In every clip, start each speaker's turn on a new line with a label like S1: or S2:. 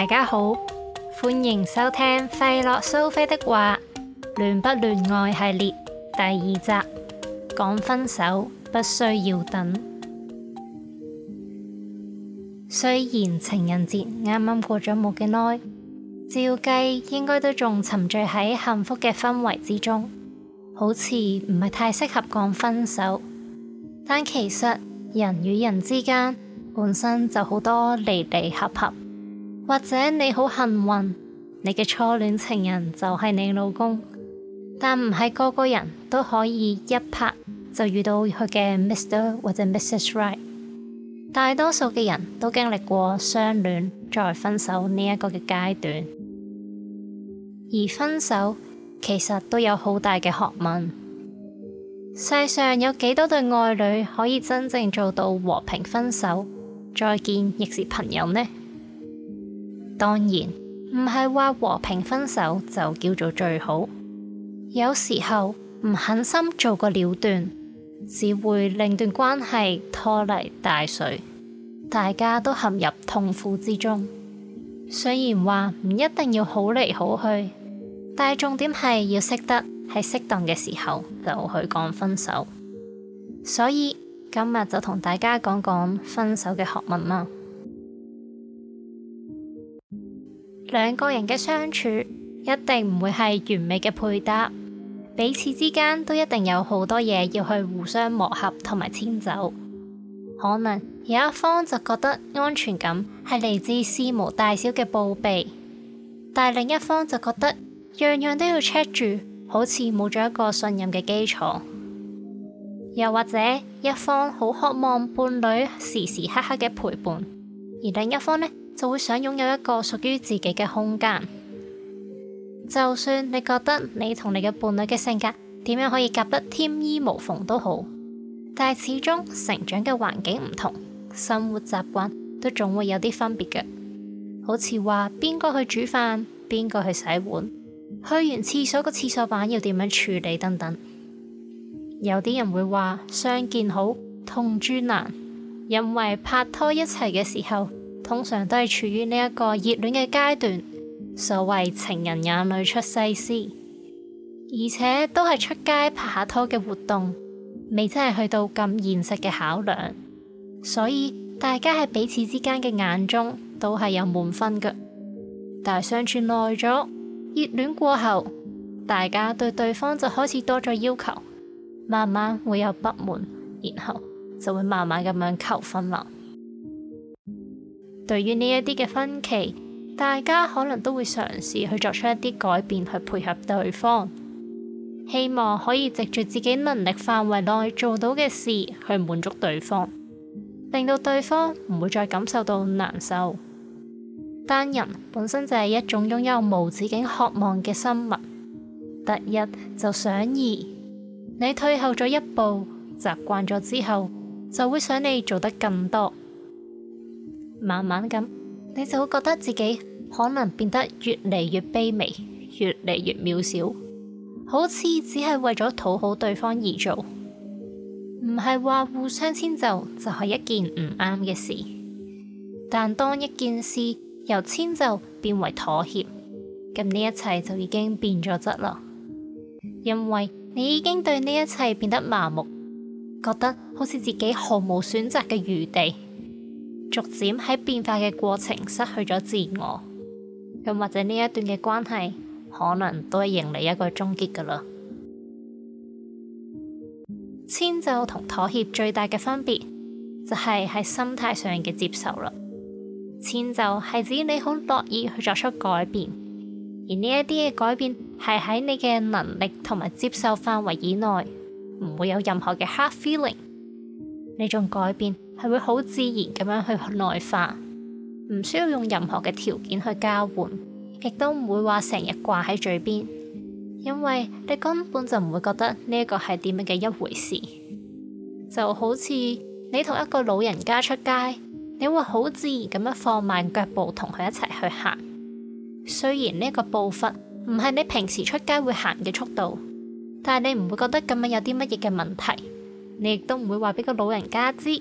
S1: 大家好，歡迎收聽費洛蘇菲的話，戀不亂愛系列第二集，講分手不需要等。雖然情人節啱啱過咗冇幾耐，照計應該都仲沉醉喺幸福嘅氛圍之中，好似唔係太適合講分手。但其實人與人之間本身就好多離離合合。或者你好幸運，你嘅初戀情人就係你老公，但唔係個個人都可以一拍就遇到佢嘅 Mr 或者 Mrs Right。大多數嘅人都經歷過相戀再分手呢一個嘅階段，而分手其實都有好大嘅學問。世上有幾多對愛侶可以真正做到和平分手，再見亦是朋友呢？當然唔係話和平分手就叫做最好，有時候唔狠心做個了斷，只會令段關係拖泥帶水，大家都陷入痛苦之中。雖然話唔一定要好嚟好去，但重點係要識得喺適當嘅時候就去講分手。所以今日就同大家講講分手嘅學問嘛。兩個人嘅相處一定唔會係完美嘅配搭，彼此之間都一定有好多嘢，要去互相磨合同埋遷就。可能有一方就覺得安全感係嚟自事無大小嘅報備，但另一方就覺得樣樣都要 check 住，好似冇咗一個信任嘅基礎。又或者一方好渴望伴侶時時刻刻嘅陪伴。而另一方呢，就會想擁有一個屬於自己嘅空間。就算你覺得你同你嘅伴侶嘅性格點樣可以夾得天衣無縫都好，但係始終成長嘅環境唔同，生活習慣都總會有啲分別嘅。好似話邊個去煮飯，邊個去洗碗，去完廁所個廁所板要點樣處理等等。有啲人會話相見好，同住難。因為拍拖一齊嘅時候，通常都係處於呢一個熱戀嘅階段，所謂情人眼裏出西施，而且都係出街拍下拖嘅活動，未真係去到咁現實嘅考量，所以大家喺彼此之間嘅眼中都係有滿分嘅。但係相處耐咗，熱戀過後，大家對對方就開始多咗要求，慢慢會有不滿，然後。就會慢慢咁樣扣分啦。對於呢一啲嘅分歧，大家可能都會嘗試去作出一啲改變去配合對方，希望可以藉住自己能力範圍內做到嘅事去滿足對方，令到對方唔會再感受到難受。但人本身就係一種擁有無止境渴望嘅生物，得一就想二，你退後咗一步，習慣咗之後。就會想你做得更多，慢慢咁，你就會覺得自己可能變得越嚟越卑微，越嚟越渺小，好似只係為咗討好對方而做，唔係話互相遷就就係一件唔啱嘅事。但當一件事由遷就變為妥協，咁呢一切就已經變咗質啦，因為你已經對呢一切變得麻木，覺得。好似自己毫無選擇嘅餘地，逐漸喺變化嘅過程失去咗自我，咁或者呢一段嘅關係可能都係迎嚟一個終結㗎喇。遷就同妥協最大嘅分別就係喺心態上嘅接受啦。遷就係指你好樂意去作出改變，而呢一啲嘅改變係喺你嘅能力同埋接受範圍以內，唔會有任何嘅 hard feeling。你仲改變係會好自然咁樣去內化，唔需要用任何嘅條件去交換，亦都唔會話成日掛喺嘴邊，因為你根本就唔會覺得呢一個係點樣嘅一回事。就好似你同一個老人家出街，你會好自然咁樣放慢腳步同佢一齊去行，雖然呢個步伐唔係你平時出街會行嘅速度，但係你唔會覺得咁樣有啲乜嘢嘅問題。你亦都唔會話俾個老人家知，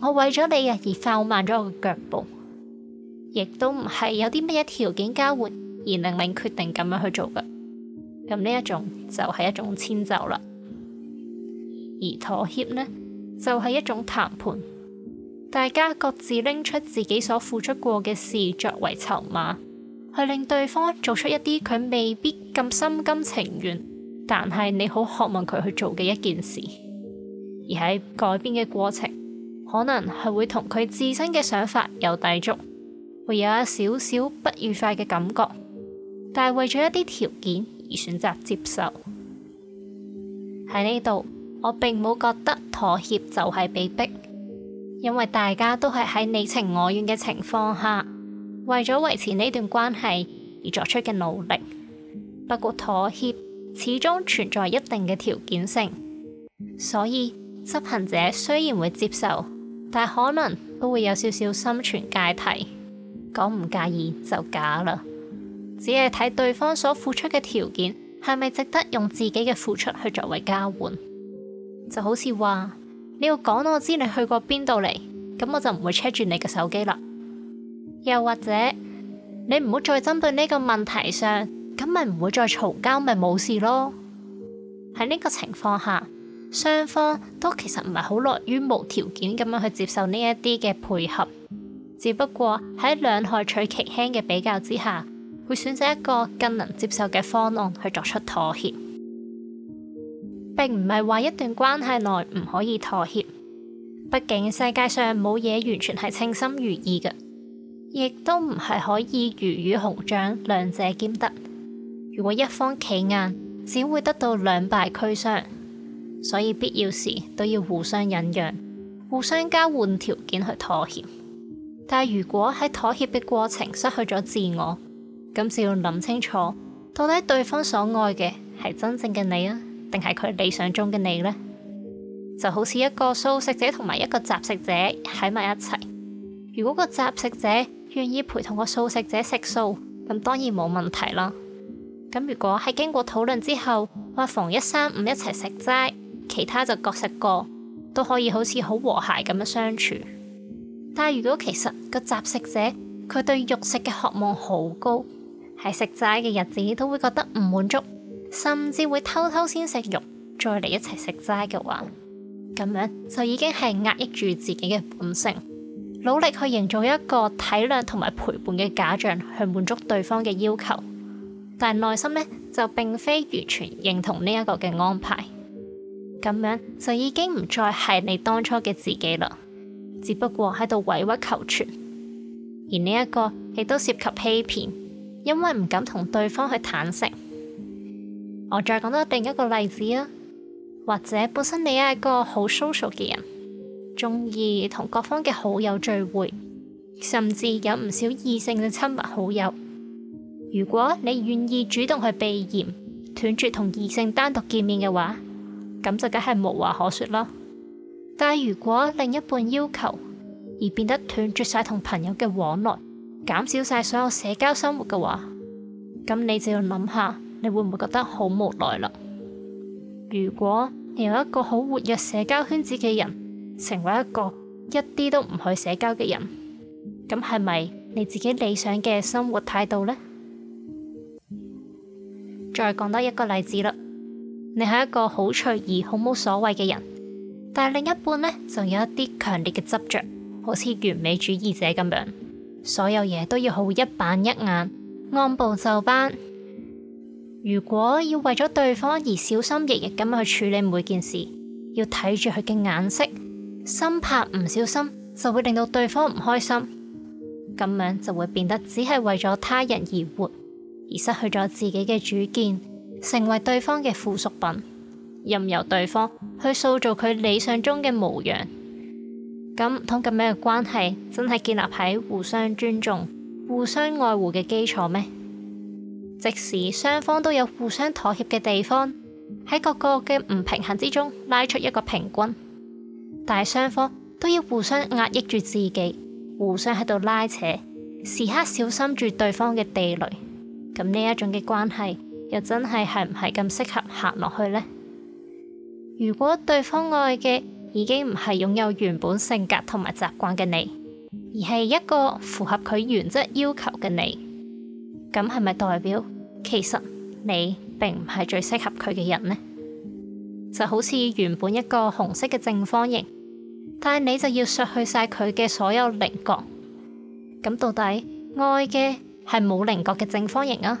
S1: 我為咗你啊而放慢咗我嘅腳步，亦都唔係有啲乜嘢條件交換而令令決定咁樣去做嘅。咁呢一種就係一種遷就啦，而妥協呢就係一種談判，大家各自拎出自己所付出過嘅事作為籌碼，去令對方做出一啲佢未必咁心甘情願，但係你好渴望佢去做嘅一件事。而喺改編嘅過程，可能係會同佢自身嘅想法有抵觸，會有一少少不愉快嘅感覺。但係為咗一啲條件而選擇接受喺呢度，我並冇覺得妥協就係被逼，因為大家都係喺你情我願嘅情況下，為咗維持呢段關係而作出嘅努力。不過，妥協始終存在一定嘅條件性，所以，執行者雖然會接受，但可能都會有少少心存芥蒂，講唔介意就假啦。只係睇對方所付出嘅條件係咪值得用自己嘅付出去作為交換，就好似話你要講我知你去過邊度嚟，咁我就唔會 check 住你嘅手機啦。又或者你唔好再針對呢個問題上，咁咪唔會再嘈交，咪冇事咯。喺呢個情況下。雙方都其實唔係好樂於無條件咁樣去接受呢一啲嘅配合，只不過喺兩害取其輕嘅比較之下，會選擇一個更能接受嘅方案去作出妥協，並唔係話一段關係內唔可以妥協。畢竟世界上冇嘢完全係稱心如意嘅，亦都唔係可以如魚與熊掌兩者兼得。如果一方企硬，只會得到兩敗俱傷。所以必要時都要互相忍讓，互相交換條件去妥協。但係如果喺妥協嘅過程失去咗自我，咁就要諗清楚，到底對方所愛嘅係真正嘅你啊，定係佢理想中嘅你呢？就好似一個素食者同埋一個雜食者喺埋一齊，如果個雜食者願意陪同個素食者食素，咁當然冇問題啦。咁如果喺經過討論之後話逢一三五一齊食齋。其他就各食各都可以，好似好和諧咁樣相處。但係如果其實個雜食者佢對肉食嘅渴望好高，喺食齋嘅日子都會覺得唔滿足，甚至會偷偷先食肉再嚟一齊食齋嘅話，咁樣就已經係壓抑住自己嘅本性，努力去營造一個體諒同埋陪伴嘅假象，去滿足對方嘅要求，但係內心呢，就並非完全認同呢一個嘅安排。咁樣就已經唔再係你當初嘅自己啦，只不過喺度委屈求全。而呢一個亦都涉及欺騙，因為唔敢同對方去坦誠。我再講多另一個例子啊，或者本身你係一個好 social 嘅人，中意同各方嘅好友聚會，甚至有唔少異性嘅親密好友。如果你願意主動去避嫌，斷絕同異性單獨見面嘅話。咁就梗係無話可說啦。但係如果另一半要求而變得斷絕晒同朋友嘅往來，減少晒所有社交生活嘅話，咁你就要諗下，你會唔會覺得好無奈啦？如果你由一個好活躍社交圈子嘅人，成為一個一啲都唔去社交嘅人，咁係咪你自己理想嘅生活態度呢？再講多一個例子啦。你係一個好隨意、好冇所謂嘅人，但係另一半呢，就有一啲強烈嘅執着，好似完美主義者咁樣，所有嘢都要好一板一眼、按部就班。如果要為咗對方而小心翼翼咁去處理每件事，要睇住佢嘅眼色，心怕唔小心就會令到對方唔開心，咁樣就會變得只係為咗他人而活，而失去咗自己嘅主見。成為對方嘅附屬品，任由對方去塑造佢理想中嘅模樣。咁唔通咁樣嘅關係真係建立喺互相尊重、互相愛護嘅基礎咩？即使雙方都有互相妥協嘅地方，喺各個嘅唔平衡之中拉出一個平均，但係雙方都要互相壓抑住自己，互相喺度拉扯，時刻小心住對方嘅地雷。咁呢一種嘅關係。又真係係唔係咁適合行落去呢？如果對方愛嘅已經唔係擁有原本性格同埋習慣嘅你，而係一個符合佢原則要求嘅你，咁係咪代表其實你並唔係最適合佢嘅人呢？就好似原本一個紅色嘅正方形，但係你就要削去晒佢嘅所有菱角，咁到底愛嘅係冇菱角嘅正方形啊？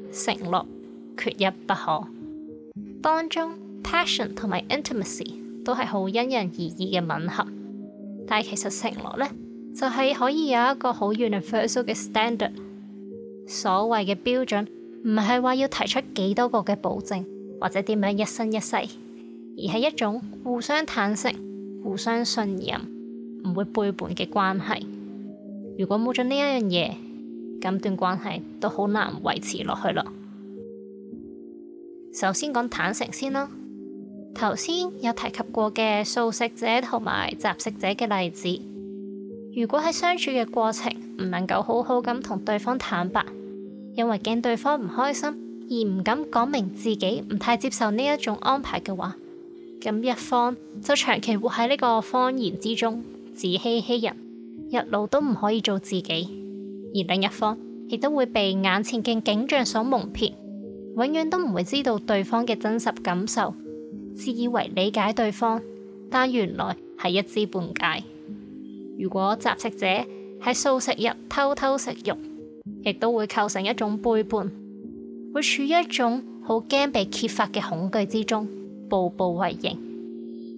S1: 承諾缺一不可，當中 passion 同埋 intimacy 都係好因人而異嘅吻合，但係其實承諾呢就係可以有一個好 universal 嘅 standard，所謂嘅標準唔係話要提出幾多個嘅保證或者點樣一生一世，而係一種互相坦誠、互相信任、唔會背叛嘅關係。如果冇咗呢一樣嘢，咁段關係都好難維持落去咯。首先講坦誠先啦，頭先有提及過嘅素食者同埋雜食者嘅例子。如果喺相處嘅過程唔能夠好好咁同對方坦白，因為驚對方唔開心而唔敢講明自己唔太接受呢一種安排嘅話，咁一方就長期活喺呢個謊言之中，自欺欺人，一路都唔可以做自己。而另一方亦都會被眼前嘅景象所蒙騙，永遠都唔會知道對方嘅真實感受，自以為理解對方，但原來係一知半解。如果雜食者喺素食日偷偷食肉，亦都會構成一種背叛，會處於一種好驚被揭發嘅恐懼之中，步步為營。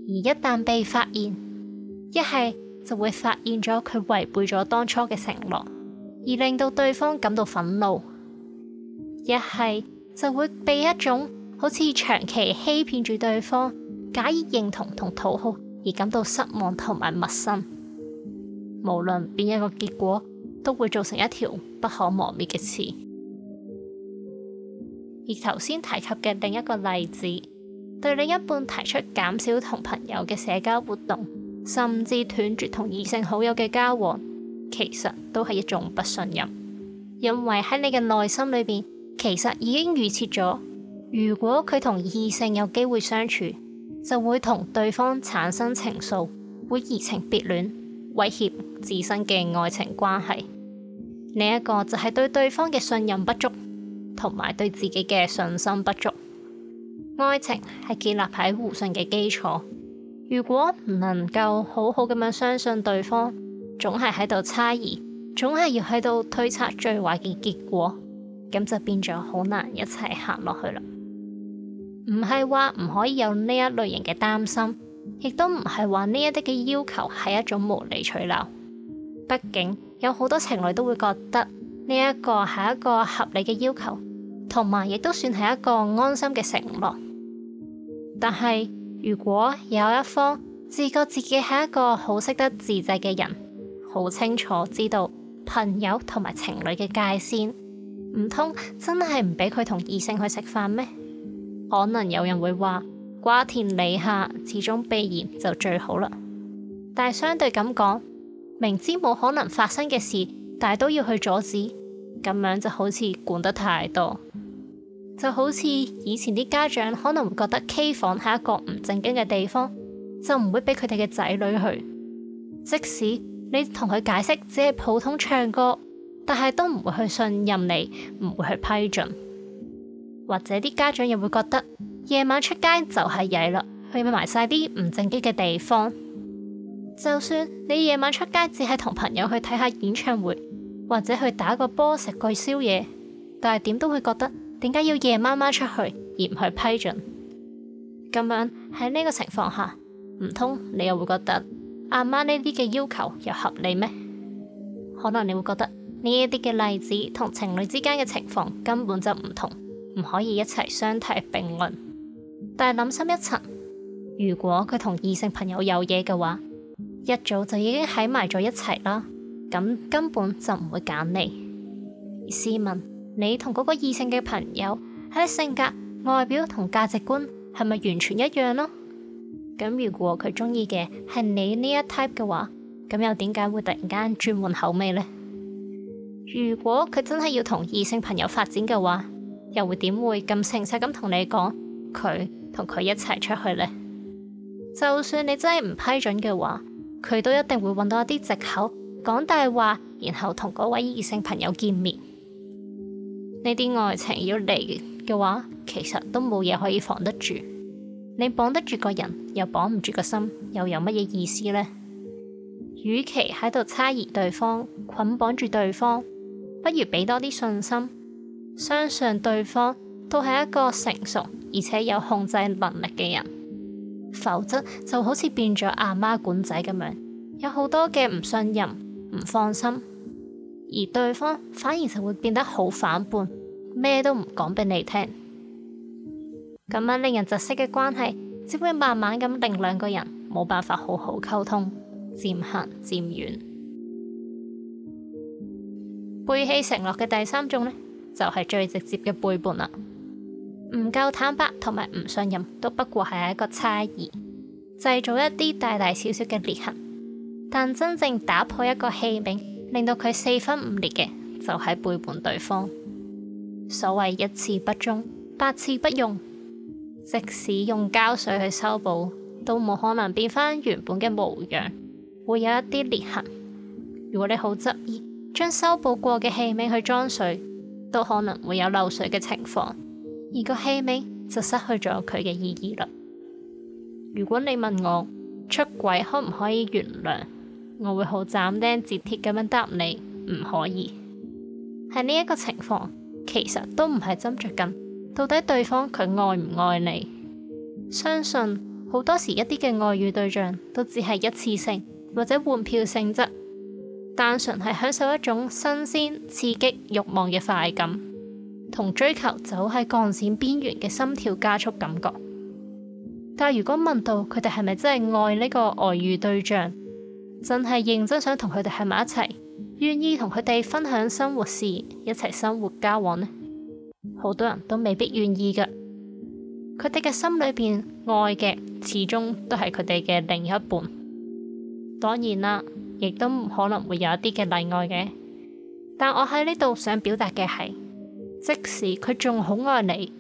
S1: 而一旦被發現，一係就會發現咗佢違背咗當初嘅承諾。而令到對方感到憤怒，一係就會被一種好似長期欺騙住對方、假意認同同討好而感到失望同埋陌生。無論邊一個結果，都會造成一條不可磨滅嘅刺。而頭先提及嘅另一個例子，對另一半提出減少同朋友嘅社交活動，甚至斷絕同異性好友嘅交往。其實都係一種不信任，因為喺你嘅內心裏邊，其實已經預設咗，如果佢同異性有機會相處，就會同對方產生情愫，會移情別戀，威脅自身嘅愛情關係。另一個就係對對方嘅信任不足，同埋對自己嘅信心不足。愛情係建立喺互信嘅基礎，如果唔能夠好好咁樣相信對方。總係喺度猜疑，總係要喺度推測最壞嘅結果，咁就變咗好難一齊行落去啦。唔係話唔可以有呢一類型嘅擔心，亦都唔係話呢一啲嘅要求係一種無理取鬧。畢竟有好多情侶都會覺得呢一個係一個合理嘅要求，同埋亦都算係一個安心嘅承諾。但係如果有一方自覺自己係一個好識得自制嘅人，好清楚知道朋友同埋情侶嘅界線，唔通真係唔俾佢同異性去食飯咩？可能有人會話瓜田李下，始終避嫌就最好啦。但係相對咁講，明知冇可能發生嘅事，但係都要去阻止，咁樣就好似管得太多，就好似以前啲家長可能會覺得 K 房係一個唔正經嘅地方，就唔會俾佢哋嘅仔女去，即使。你同佢解釋只係普通唱歌，但係都唔會去信任你，唔會去批准。或者啲家長又會覺得夜晚出街就係曳啦，去埋晒啲唔正經嘅地方。就算你夜晚出街只係同朋友去睇下演唱會，或者去打個波食個宵夜，但係點都會覺得點解要夜媽媽出去而唔去批准？咁樣喺呢個情況下，唔通你又會覺得？阿媽呢啲嘅要求又合理咩？可能你會覺得呢一啲嘅例子同情侶之間嘅情況根本就唔同，唔可以一齊相提並論。但係諗深一層，如果佢同異性朋友有嘢嘅話，一早就已經喺埋咗一齊啦，咁根本就唔會揀你。試問你同嗰個異性嘅朋友係性格、外表同價值觀係咪完全一樣咯？咁如果佢中意嘅係你呢一 type 嘅話，咁又點解會突然間轉換口味呢？如果佢真係要同異性朋友發展嘅話，又會點會咁誠實咁同你講佢同佢一齊出去呢？就算你真係唔批准嘅話，佢都一定會揾到一啲藉口講大話，然後同嗰位異性朋友見面。呢啲愛情要嚟嘅話，其實都冇嘢可以防得住。你綁得住個人，又綁唔住個心，又有乜嘢意思呢？與其喺度猜疑對方，捆綁住對方，不如俾多啲信心，相信對方都係一個成熟而且有控制能力嘅人。否則就好似變咗阿媽管仔咁樣，有好多嘅唔信任、唔放心，而對方反而就會變得好反叛，咩都唔講俾你聽。咁樣令人窒息嘅關係只會慢慢咁令兩個人冇辦法好好溝通，漸行漸遠。背棄承諾嘅第三種呢，就係最直接嘅背叛啦。唔夠坦白同埋唔信任都不過係一個差異，製造一啲大大小小嘅裂痕。但真正打破一個器皿，令到佢四分五裂嘅就係背叛對方。所謂一次不忠，百次不用。即使用膠水去修補，都冇可能變翻原本嘅模樣，會有一啲裂痕。如果你好執意將修補過嘅器皿去裝水，都可能會有漏水嘅情況，而個器皿就失去咗佢嘅意義啦。如果你問我出軌可唔可以原諒，我會好斬釘截鐵咁樣答你，唔可以。喺呢一個情況，其實都唔係斟酌緊。到底對方佢愛唔愛你？相信好多時一啲嘅外遇對象都只係一次性或者換票性質，單純係享受一種新鮮、刺激、慾望嘅快感，同追求走喺鋼線邊緣嘅心跳加速感覺。但如果問到佢哋係咪真係愛呢個外遇對象，真係認真想同佢哋喺埋一齊，願意同佢哋分享生活事，一齊生活交往呢？好多人都未必願意嘅，佢哋嘅心裏邊愛嘅始終都係佢哋嘅另一半。當然啦，亦都可能會有一啲嘅例外嘅。但我喺呢度想表達嘅係，即使佢仲好愛你，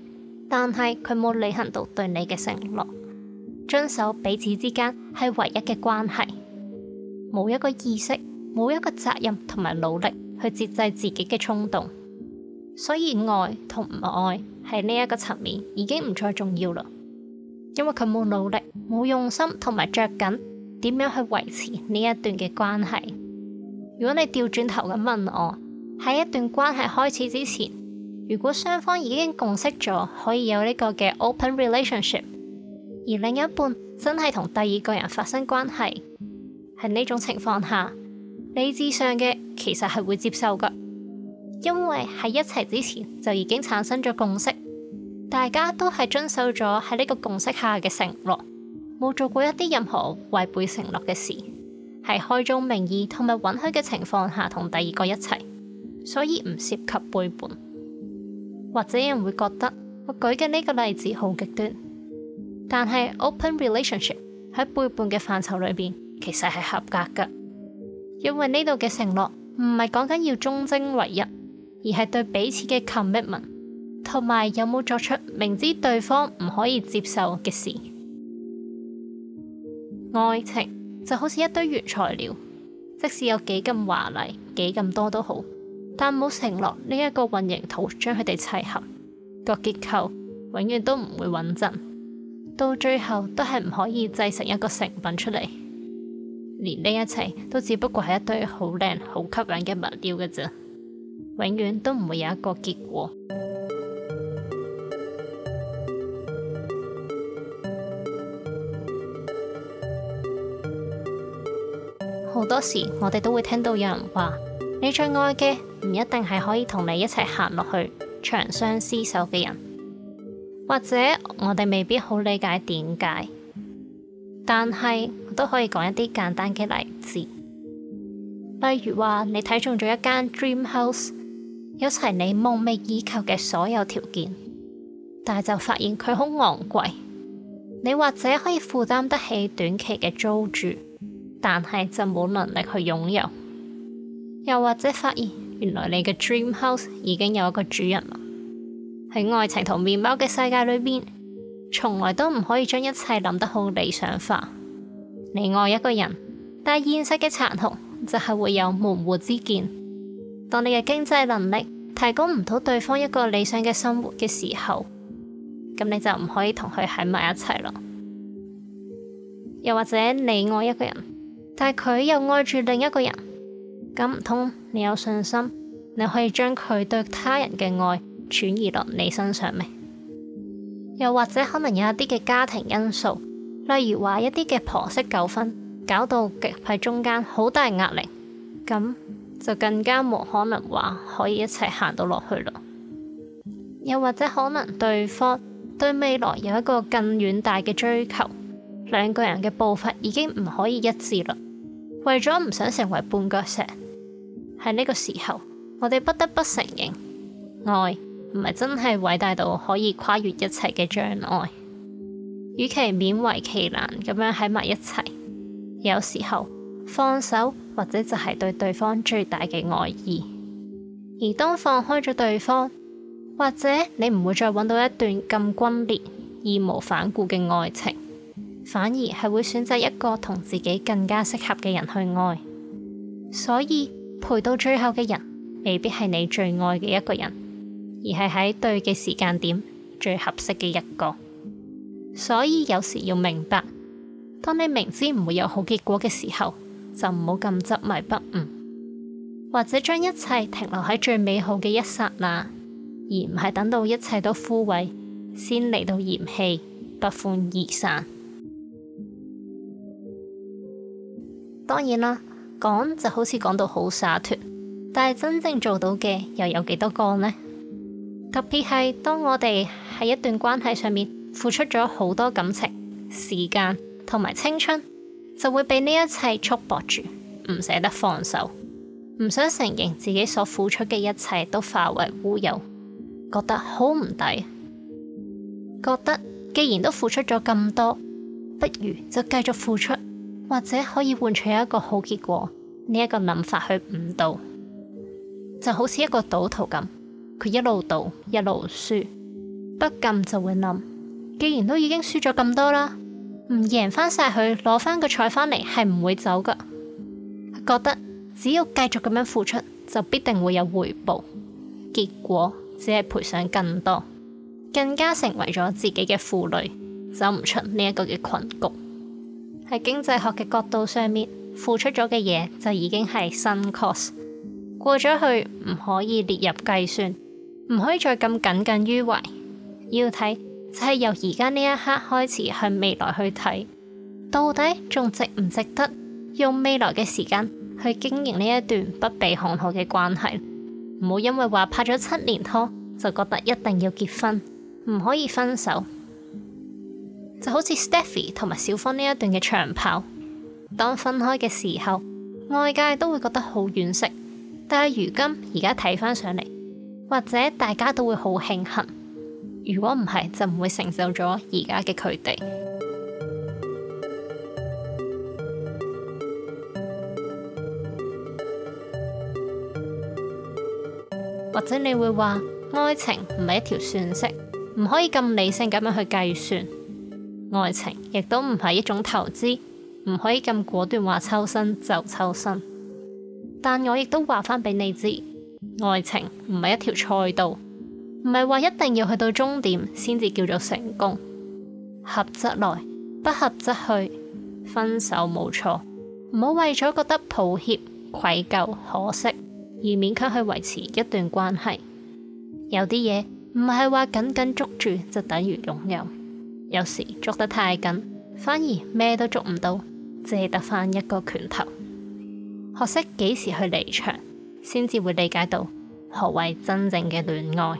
S1: 但係佢冇履行到對你嘅承諾，遵守彼此之間係唯一嘅關係，冇一個意識，冇一個責任同埋努力去節制自己嘅衝動。所以愛同唔愛喺呢一個層面已經唔再重要啦，因為佢冇努力、冇用心同埋着緊點樣去維持呢一段嘅關係。如果你調轉頭咁問我，喺一段關係開始之前，如果雙方已經共識咗可以有呢個嘅 open relationship，而另一半真係同第二個人發生關係，喺呢種情況下，理智上嘅其實係會接受㗎。因為喺一齊之前就已經產生咗共識，大家都係遵守咗喺呢個共識下嘅承諾，冇做過一啲任何違背承諾嘅事，係開宗明義同埋允許嘅情況下同第二個一齊，所以唔涉及背叛。或者有人會覺得我舉嘅呢個例子好極端，但係 open relationship 喺背叛嘅範疇裏邊其實係合格㗎，因為呢度嘅承諾唔係講緊要忠貞唯一。而係對彼此嘅 commitment，同埋有冇作出明知對方唔可以接受嘅事。愛情就好似一堆原材料，即使有幾咁華麗、幾咁多都好，但冇承諾呢一個運營圖將佢哋砌合，個結構永遠都唔會穩陣，到最後都係唔可以製成一個成品出嚟。連呢一切都只不過係一堆好靚、好吸引嘅物料嘅啫。永遠都唔會有一個結果。好多時，我哋都會聽到有人話：你最愛嘅唔一定係可以同你一齊行落去長相厮守嘅人，或者我哋未必好理解點解。但係我都可以講一啲簡單嘅例子，例如話你睇中咗一間 dream house。有齊你夢寐以求嘅所有條件，但係就發現佢好昂貴。你或者可以負擔得起短期嘅租住，但係就冇能力去擁有。又或者發現原來你嘅 dream house 已經有一個主人啦。喺愛情同麵包嘅世界裏邊，從來都唔可以將一切諗得好理想化。你愛一個人，但係現實嘅殘酷就係會有門戶之見。當你嘅經濟能力提供唔到對方一個理想嘅生活嘅時候，咁你就唔可以同佢喺埋一齊咯。又或者你愛一個人，但係佢又愛住另一個人，咁唔通你有信心你可以將佢對他人嘅愛轉移落你身上咩？又或者可能有一啲嘅家庭因素，例如話一啲嘅婆媳糾紛，搞到夾喺中間好大壓力，咁。就更加冇可能話可以一齊行到落去咯。又或者可能對方對未來有一個更遠大嘅追求，兩個人嘅步伐已經唔可以一致啦。為咗唔想成為絆腳石，喺呢個時候，我哋不得不承認，愛唔係真係偉大到可以跨越一切嘅障礙。與其勉為其難咁樣喺埋一齊，有時候。放手或者就係對對方最大嘅愛意，而當放開咗對方，或者你唔會再揾到一段咁轟烈義無反顧嘅愛情，反而係會選擇一個同自己更加適合嘅人去愛。所以陪到最後嘅人未必係你最愛嘅一個人，而係喺對嘅時間點最合適嘅一個。所以有時要明白，當你明知唔會有好結果嘅時候，就唔好咁執迷不悟，或者將一切停留喺最美好嘅一剎那，而唔係等到一切都枯萎，先嚟到嫌棄、不歡而散。當然啦，講就好似講到好灑脫，但係真正做到嘅又有幾多個呢？特別係當我哋喺一段關係上面付出咗好多感情、時間同埋青春。就會被呢一切束縛住，唔捨得放手，唔想承認自己所付出嘅一切都化為烏有，覺得好唔抵，覺得既然都付出咗咁多，不如就繼續付出，或者可以換取一個好結果，呢一個諗法去誤導，就好似一個賭徒咁，佢一路賭一路輸，不禁就會諗，既然都已經輸咗咁多啦。唔贏翻晒佢，攞翻個彩翻嚟係唔會走噶。覺得只要繼續咁樣付出，就必定會有回報。結果只係賠上更多，更加成為咗自己嘅負累，走唔出呢一個嘅困局。喺經濟學嘅角度上面，付出咗嘅嘢就已經係 sunk cost，過咗去唔可以列入計算，唔可以再咁耿耿於懷。要睇。就係由而家呢一刻開始，向未來去睇，到底仲值唔值得用未來嘅時間去經營呢一段不被看好嘅關係？唔好因為話拍咗七年拖就覺得一定要結婚，唔可以分手。就好似 Stephy 同埋小方呢一段嘅長跑，當分開嘅時候，外界都會覺得好惋惜，但係如今而家睇翻上嚟，或者大家都會好慶幸。如果唔係，就唔會承受咗而家嘅佢哋。或者你會話愛情唔係一條算式，唔可以咁理性咁樣去計算。愛情亦都唔係一種投資，唔可以咁果斷話抽身就抽身。但我亦都話返俾你知，愛情唔係一條賽道。唔係話一定要去到終點先至叫做成功。合則來，不合則去。分手冇錯，唔好為咗覺得抱歉、愧疚、可惜而勉強去維持一段關係。有啲嘢唔係話緊緊捉住就等於擁有，有時捉得太緊反而咩都捉唔到，借得翻一個拳頭。學識幾時去離場，先至會理解到何謂真正嘅戀愛。